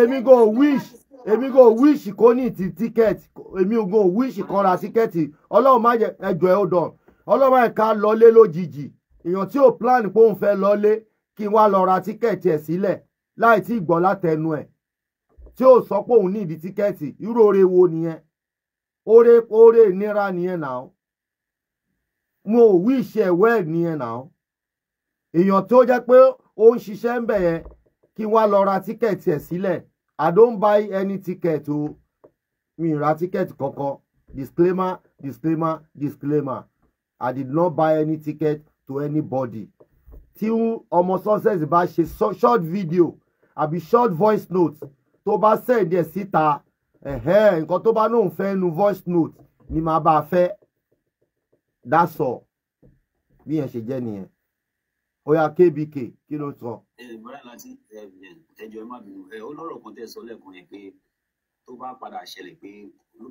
èmi go wíṣì èmi go wíṣì kó ní ti tíkẹ́ẹ̀tì èmi go wíṣì kan ra tíkẹ́ẹ̀tì ọlọ́run má jẹ ẹjọ́ ẹ̀ ó dàn ọlọ́run má ká lọlé lójijì èèyàn tí ò plan pé òun fẹ́ lọlé kí n wá lọ ra tíkẹ́ẹ̀tì ẹ̀ sílẹ̀ láì tí ì gbọ́ látẹnu ẹ̀ tí ó sọ pé òun ní ìdí tíkẹ́ẹ̀tì irú oore wo nìyẹn oore oore ìnira nìyẹn náà mo ò wí ìṣe ẹ̀wẹ́ nìyẹn náà èèyàn tó jẹ́ pé ó ń ṣiṣẹ́ ń bẹ̀ yẹn kí wá lọ ra tíkẹ́ẹ̀tì ẹ̀ sílẹ̀ I don't buy any ticket o mi ra tíkẹ́ẹ̀tì kankan disclaimer disclaimer disclaimer I did not buy any ticket to anybody tí ọmọ success bá ṣe short video àbí short voice note tó bá send ẹ̀ síta nǹkan tó bá lóun fẹ́ nu voice note ni màá bá a fẹ́ that's all bí yẹn ṣe jẹ́ nìyẹn oya kbk kí ló sọ. ẹ bọ́lá láti ẹjọ́ ẹ má bínú ẹ ó kan tẹ́ sọ lẹ́ẹ̀kan yẹn pé tó bá padà ṣẹlẹ̀ pé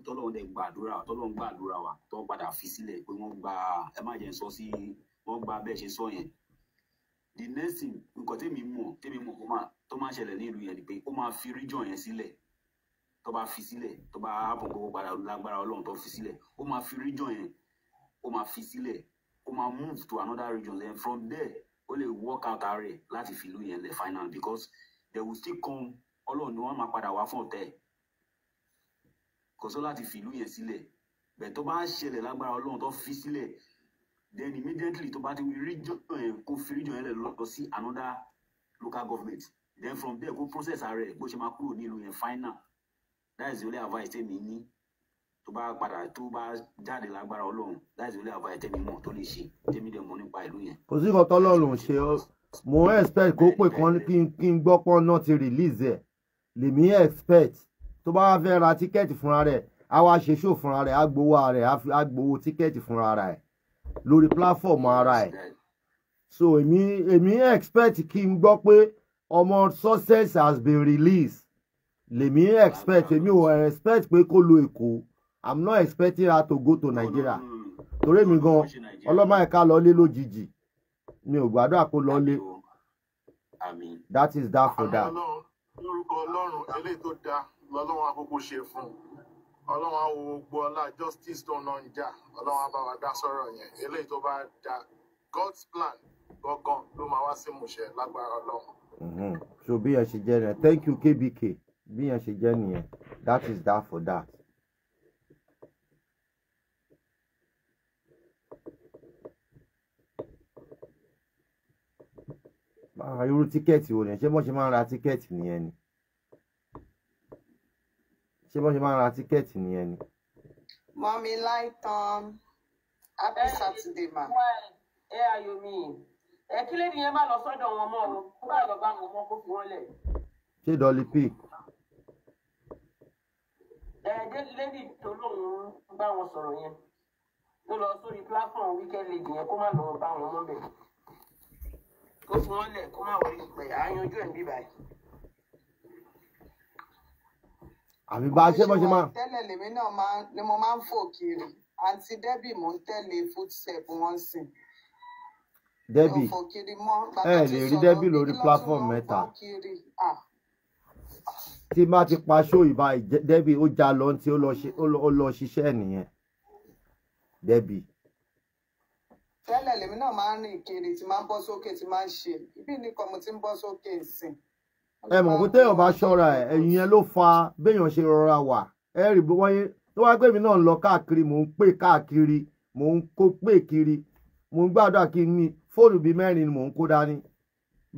tọ́lọ́run dẹ̀ gbàdúrà tọ́lọ́run gbàdúrà wa tó padà fi sílẹ̀ pé wọ́n gba ẹ má jẹ́ sọ sí wọ́n gba bẹ́ẹ̀ ṣe sọ yẹn the next thing nǹkan tèmi mọ̀ tèmi mọ̀ kó máa tó máa ṣẹlẹ̀ ní ìlú yẹn ni pé ó máa fi region yẹn sílẹ̀ tó bá fi sílẹ̀ tó bá ààbò padà lágbára ọlọ́run tó fi sílẹ̀ ó máa fi region yẹn ó máa fi sílẹ̀ ó máa move to another region then from there ó lè work out ààrẹ láti fi ìlú yẹn lẹ̀ final because they will still come ọlọ́run ni wọ́n máa padà wá fún ọ̀tẹ̀ kò sọ láti fi ìlú yẹn sílẹ̀ bẹ̀ tó bá ṣẹlẹ̀ lágbára ọlọ́run tó fi sílẹ̀ then immediately tó bá ti region yẹn eh, kó fi region yẹn lẹ̀ lọ sí another local government then from there kó process ààrẹ bó ṣe máa kúrò nílùú yẹn final that is the only advice tèmi ní tó bá padà tó bá jáde lágbára ọlọ́run that is the only advice tèmi mọ̀ tó lè ṣe tèmi dẹ̀ mọ̀ nípa ìlú yẹn. kò sí nǹkan tọ́lọ́run ṣe ọ́ mo expect kó pè kán kí n gbọ́ pọ́n náà ti release ẹ̀ lèmi expect tó bá fẹ́ ra tíkẹ́ẹ̀tì fúnra rẹ̀ á wá ṣe ṣó fúnra rẹ̀ á gbowó rẹ̀ á gbowó tíkẹ́ẹ̀tì fúnra rẹ̀ lórí platform ara ẹ̀ so èmi èmi expect kí n gbọ́ pé ọmọ success has been released lèmi expect èmi ò expect pé kó lo èkó i'm not expecting her to go to nigeria torí mi gan ọlọ́mọ ẹ̀ka lọ́lé lójijì mi ò gbàdúrà kó lọ́lé that is that for that. lórúkọ ọlọ́run eléyìí tó dáa lọ́lọ́run àkókò ṣe fún un ọlọ́run á wo ọlá justice tó náà ń jà ọlọ́run á dá sọ̀rọ̀ yẹn eléyìí tó bá da God's plan gangan ló máa wá sí ìmúṣẹ lágbára ọlọ́run. Mhm. so bí yẹn ṣe jẹ́ nìyẹn thank you KBK bí yẹn ṣe jẹ́ nìyẹn that is that for that. Ah, irú tíkẹ́ẹ̀tì wo nìyẹn ṣé bọ́n ṣe máa ń ra tíkẹ́ẹ̀tì nìyẹn ni ṣé bọ́n ṣe máa ń ra tíkẹ́ẹ̀tì nìyẹn ni. mọ́mí láìtàn happy saturday ma. ẹ ayọ̀ mi ẹ kí lẹ́nu yẹn má lọ sọ́dọ̀ wọn mọ́ o kó bá lọ bá wọn mọ́ kó fi wọ́n lẹ̀. ṣé dolly pick. ẹ lẹ́dí tó lóun bá wọn sọ̀rọ̀ yẹn ló lọ sórí platform weekend league yẹn kó má lọ bá wọn mọ́ bẹ̀ kó fi wọ́n lẹ̀ kó má wọlé ìpẹ́ àyànjú ẹ̀ ń bí àbí bá a ṣe bó ṣe máa. tẹ́lẹ̀ lèmi náà ni mo máa ń fò kiri àǹtí débì mò ń tẹ̀lé footstep wọn sìn. débì ẹ lè rí débì lórí platform mẹ́ta ah. tí má ti pa ṣó ìbá débì ó já lọ tí ó lọ ṣiṣẹ́ nìyẹn débì. tẹ́lẹ̀ lèmi náà máa ń rìn kiri tí máa ń bọ́ sókè tí máa ń ṣe ibi nìkan mo ti ń bọ́ sókè ìsìn ẹ mọ̀ pé téèyàn bá ṣọ́ra ẹ̀ ẹ̀yìn yẹn ló fa béèyàn ṣe rọra wà ẹ rí bó wáyé tó wá pé mi náà ń lọ káàkiri mò ń pè káàkiri mò ń kó pè kiri mò ń gbàdúrà kí n ní fóònù bíi mẹ́rin ni mò ń kó dání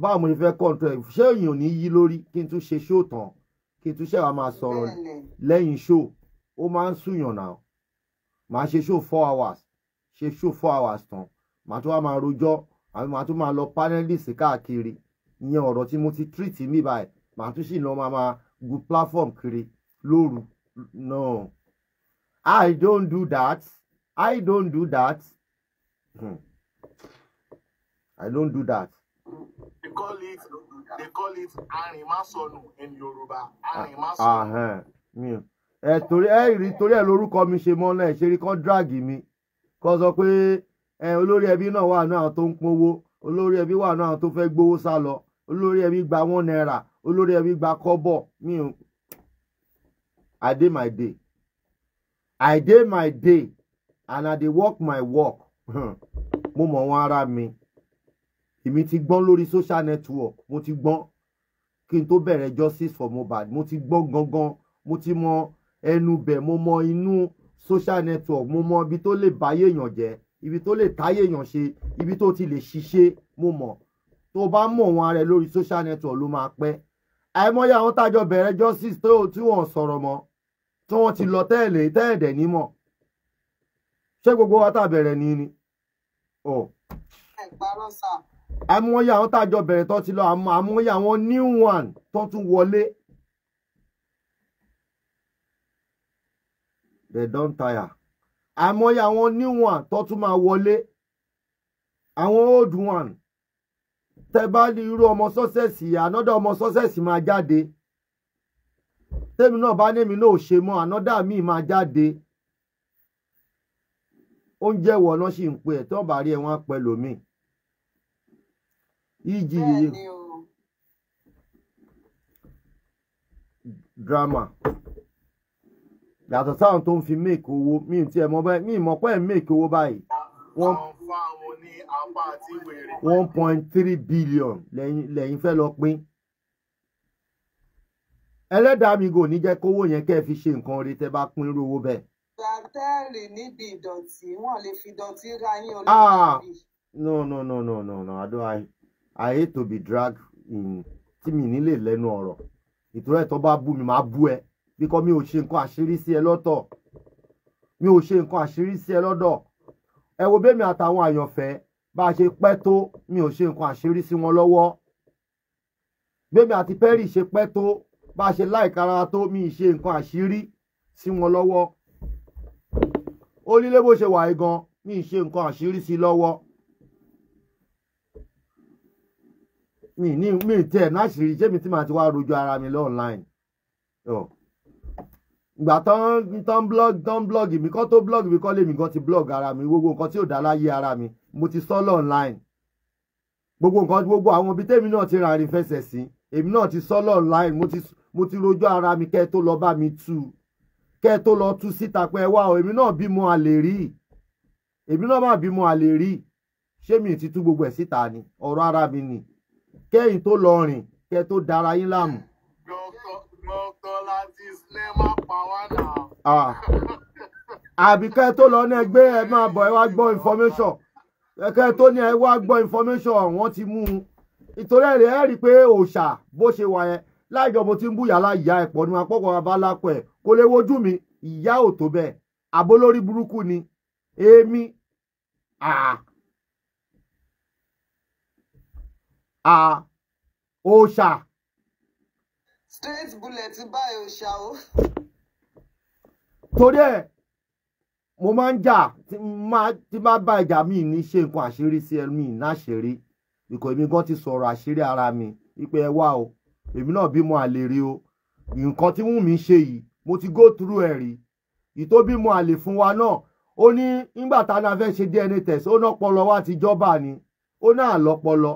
báwo mo fẹ́ kọ́ńtò ẹ̀ ṣé èèyàn ní yí lórí kí n tún ṣe ṣó tán kí n tún ṣẹ̀wá máa sọ̀rọ̀ lẹ́yìn ṣó ó máa ń súyàn náà màá ṣe ṣó four hours ṣe ṣó four hours tán màá tún wá máa rojọ́ àbí màá tún máa lọ panelist káàkiri ìyẹn ọ̀rọ̀ tí mo ti treat mi báyìí màá tún sì lọ máa máa gun platform kiri lóru no i don't do that i don't do that hmm. i don't do that. they call it they call it arimasonu in Yoruba arimasonu. ẹ torí ẹ rí torí ẹ lórúkọ mi ṣe mọ́ náà ṣe rí kán drag mi kó sọ pé olórí ẹbí náà wà náà tó ń pọ́wó olórí ẹbí wà náà tó fẹ́ gbowó sá lọ olórí ẹbí gba one naira olórí ẹbí gba kọ́bọ̀ mi ò i dey my day i dey my day and i dey work my work mo mọ̀ wọ́n ara mi èmi ti gbọ́n lórí social network mo ti gbọ́n kí n tó bẹ̀rẹ̀ justice for mobile. mo ti gbọ́n gangan mo ti mọ ẹnu bẹ̀ mo mọ inú social network mo mọ ibi tó lè báyé èèyàn jẹ́ ibi tó lè táyé èèyàn ṣe ibi tó ti lè ṣiṣẹ́ mo mọ̀ tó bá mọ̀ wọn ara lórí social network ló máa pẹ́ àìmọye àwọn tájọ bẹ̀rẹ̀ justice tó tí wọ́n sọ̀rọ̀ mọ́ tí wọ́n ti lọ tẹ́ẹ̀lé tẹ́ẹ̀dẹ̀ nímọ̀ ṣé gbogbo wa tá bẹ̀rẹ̀ ni ni. àìmọye àwọn tájọ bẹ̀rẹ̀ tó ti lọ àmọye àwọn new one tó tún wọlé. they don tire àmọye àwọn new one tó tún máa wọlé àwọn old one tẹ bá ní irú ọmọ sọ́sẹ̀sì ànọ́dà ọmọ sọ́sẹ̀sì máa jáde tèmi náà bá ní èmi náà ò ṣe mọ́ ànọ́dà míì máa jáde oúnjẹ wọ̀ náà sì ń pe ẹ̀ tí wọ́n bá rí ẹ̀ wọ́n lómi ìjì yìí drama yàtọ̀ sáwọn tó ń fi méèkì owó mi ò tiẹ̀ mọ̀ bẹ́ẹ̀ mi ì mọ̀ pé ẹ̀ méèkì owó báyìí wọ́n ní one point three billion lẹ́yìn lẹ́yìn fẹ́ lọ pín. ẹlẹ́dàá mi kò ní jẹ́ kówó yẹn kẹ́ ẹ fi ṣe nǹkan rí tẹ́ bá pín irú owó bẹ́ẹ̀. látẹ́ẹ̀lì níbi ìdọ̀tí wọn lè fi ìdọ̀tí ra yín olóògbé. Ah! no no no no no no I don't I, I hate to be dragged in tí mi nílè lẹ́nu ọ̀rọ̀ ìtura ẹ̀tọ́ bá bú mi máa bú ẹ bíkọ́ mi ò ṣe nǹkan àṣírí sí ẹ lọ́tọ̀ mi ò ṣe nǹkan àṣírí sí ẹ lọ́dọ̀ ẹ wo bẹ́mi àtàwọn àyànfẹ́ bá a ṣe pẹ́ tó mi ò ṣe nǹkan àṣírí sí wọn lọ́wọ́ bẹ́mi àti Perry ṣe pẹ́ tó bá a ṣe láìkara tó mi ì ṣe nǹkan àṣírí sí wọn lọ́wọ́ ó nílé bó ṣe wà yìí gan mi ì ṣe nǹkan àṣírí sí lọ́wọ́ mi ì tiẹ̀ náà ṣìírí jẹ́mi tí màá ti wá rojú ara mi lọ́ọ̀nláìn. Oh ìgbà tán tán blog tán blog mi kán tó blog mi kán lèmi gan ti blog ara mi gbogbo nǹkan tí ò dá láyé ara mi mo ti sọ lọ online gbogbo nǹkan gbogbo àwọn ibi tèmi náà ti rà rìn fẹsẹ̀ sí èmi náà ti sọ lọ online mo ti mo ti rojọ́ ara mi kẹ́ tó lọ bá mi tú kẹ́ tó lọ tú síta pé wá o èmi náà bímọ àlè rí èmi náà má bímọ àlè rí ṣé mi ti tú gbogbo ẹ̀ síta ni ọ̀rọ̀ ara mi ni kẹ́yìn tó lọ rìn kẹ́ tó dára yín láàmú Ah. àbí kẹ́ tó lọ ní ẹgbẹ́ ẹ máa bọ̀ ẹ wá gbọ́ information kẹ́ tó ní ẹ wá gbọ́ information wọ́n ti mú un ìtorí ẹ̀rẹ̀ ẹ̀ rí i pé òòṣà bó ṣe wà yẹn láìjọ mo ti ń búyà láyà ẹ̀ pọ̀ ní wọn àpọ̀kọ̀ bàbá kò lè wojú mi ìyá ò tó bẹ́ẹ̀ àbólórí burúkú ni èmi òòṣà. straight bullet báyìí òòṣà o torí ẹ̀ mo máa ń jà tí má bá ìjà mi ní ṣe nǹkan àṣírí sí ẹnu mi láṣìírí ìkọ̀ èmi gan ti sọ̀rọ̀ àṣírí ara mi wípé ẹ wá o èmi náà bímọ àlè rí o nǹkan tí wùn mí ṣe yìí mo ti go through ẹ̀ rí ìtóbímọ àlè fún wa náà ó ní nígbà tá a náà fẹ́ ṣe DNA test ó náà pọlọ wá ti jọba ni ó náà lọ́pọlọ